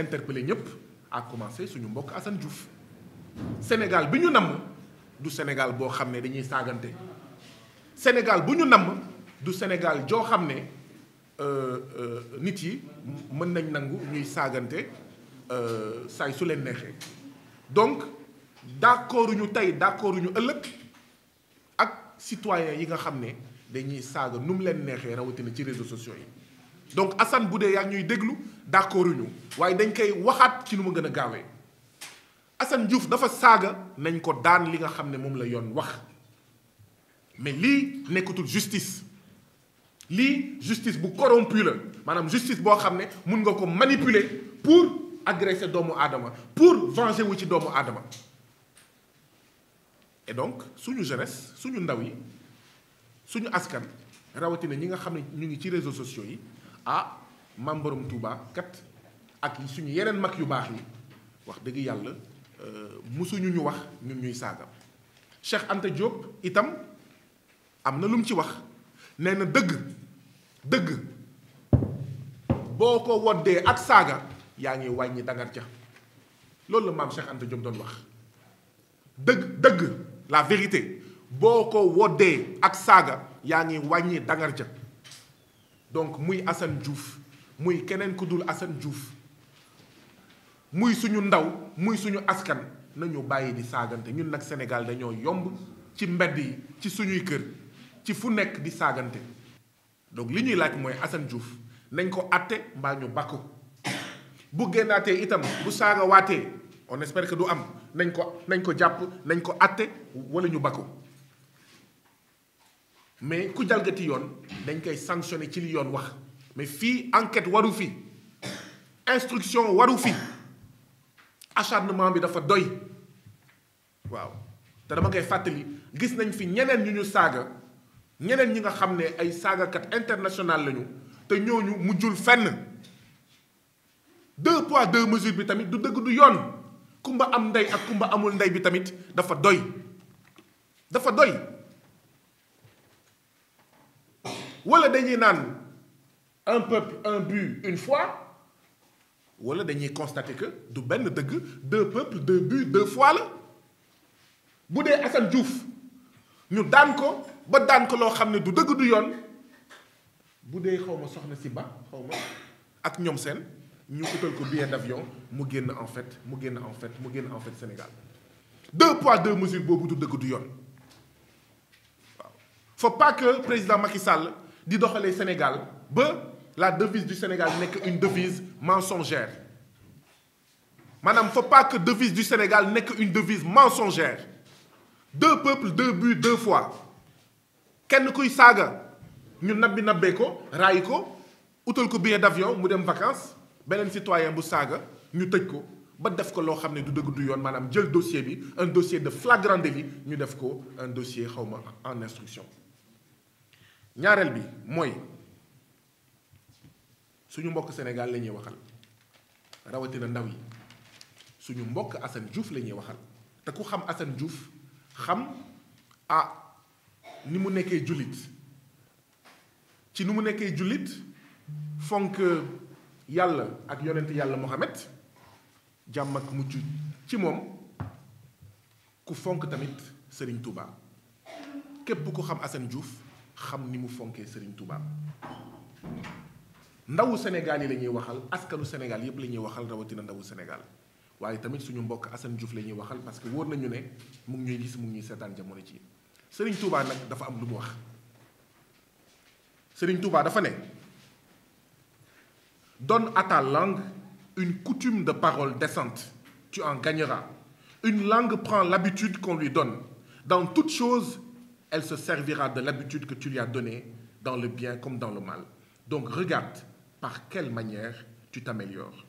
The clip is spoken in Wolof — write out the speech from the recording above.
interpellé ñëpp à commencer suñu mbokk Assane Diouf Sénégal bi ñu namm du Sénégal boo xam ne dañuy saagante Sénégal bu ñu namm du Sénégal joo xam ne euh, euh, nit yi mën nañ nangu ñuy saagante euh, saay su leen neexee donc d'accord ñu tey d'accord ñu ëllëg ak citoyens yi nga xam ne dañuy saaga nu mu leen neexee rawatina ci réseau sociaux yi. donc Assane bu dee yaa ñuy déglu d'accord ñu waaye dañ koy waxaat ci nu ma gën a gaawee Assane Diouf dafa saaga nañ ko daan li nga xam ne moom la yoon wax mais lii nekkatul justice lii justice bu corrompu la maanaam justice boo xam ne mun nga ko manipuler pour agresser doomu aadama pour venger wu ci doomu aadama et donc suñu jeunesse suñu ndaw yi suñu askan rawatina ñi nga xam ne ñu ngi ci réseau sociaux yi ah maam borom Touba kat ak suñu yeneen mag yu baax yi wax dëgg yàlla euh, musuñu ñu wax ñun ñuy saaga Cheikh Anta Diop itam am na lum ci wax nee na dëgg dëgg boo ko woddee ak saaga yaa ngi wàññi dangar ca loolu la maam Cheikh Anta doon wax dëgg dëgg la vérité boo ko woddee ak saaga yaa ngi wàññi dangar ja donc muy Assane Diouf muy keneen ku dul Assane Diouf muy suñu ndaw muy suñu askan nañu bàyyi di saagante ñu nag Sénégal dañoo yomb ci mbedd yi ci suñuy kër ci fu nekk di saagante donc li ñuy laaj mooy Assane Diouf nañ ko àtte mbaa ñu bàkku bu génnaatee itam bu saaga waatee on espère que du am nañ ko nañ ko jàpp nañ ko àtte wala ñu bàkku mais ku jalgati yoon dañ koy sanctionné ci li yoon wax mais fii enquête waru fi instruction waru fi acharnement bi dafa doy waaw te dama koy fàttali gis nañ fi ñeneen ñu ñu saaga ñeneen ñi nga xam ne ay saagakat international lañu te ñooñu mujjul fenn deux poids deux mesures bi tamit du dëgg du yoon kumba am ndey ak kumba amul ndey bi tamit dafa doy dafa doy wala dañuy naan un peuple un but une foi wala dañuy constater que du benn dëgg deux peuples deux buts deux fois la bu dee Assane Diouf ñu daan ko ba daan ko loo xam ne du dëgg du yoon bu dee xaw ma soxna si ba xaw ma ak ñoom seen ñu utal ko billet d'avion mu génn en fait mu génn en fait mu génn en fait Sénégal deux poids deux mesures boobu du dëgg du yoon waaw pas que président Macky Sall. di doxalee Sénégal ba la devise du Sénégal nekk une devise mensongère maanaam faut pas que devise du Sénégal nekk une devise mensongère deux peuples deux buts deux fois kenn kuy saaga ñu nabbi nabbee ko raay ko utal ko billet d'avion mu dem vacances beneen citoyen bu saaga ñu tëj ko ba def ko loo xam ne du dëgg du yoon maanaam jël dossier bi un dossier de flagrant délit ñu def ko un dossier xawma en instruction ñaareel bi mooy suñu mbokk Sénégal la ñuy waxal rawatina ndaw yi suñu mbokk Assane juuf la ñuy waxal te ku xam Assane Diouf xam a ah, ni mu nekkee jullit ci ni mu nekkee jullit fonk yàlla ak yonent yàlla Mohamed jàmm ak mujj ci moom ku fonk tamit Serigne Touba képp ku xam Assane juuf xam ni mu fonkee Serigne Touba ndawu Sénégal yi la ñuy waxal askanu Sénégal yépp la ñuy waxal rawatina ndawu Sénégal waaye tamit suñu mbokk Assane Diouf la ñuy waxal parce que wóor nañu ne mu ngi ñuy gis mu ngi ñuy seetaan jamono ci Serigne Touba nag dafa am lu mu wax sëriñ Touba dafa ne donne à ta langue une coutume de parole décente tu en gagneras une langue prend l'habitude qu'on lui donne dans toute chose elle se servira de l'habitude que tu lui as donnée dans le bien comme dans le mal. Donc regarde par quelle manière tu t'améliores.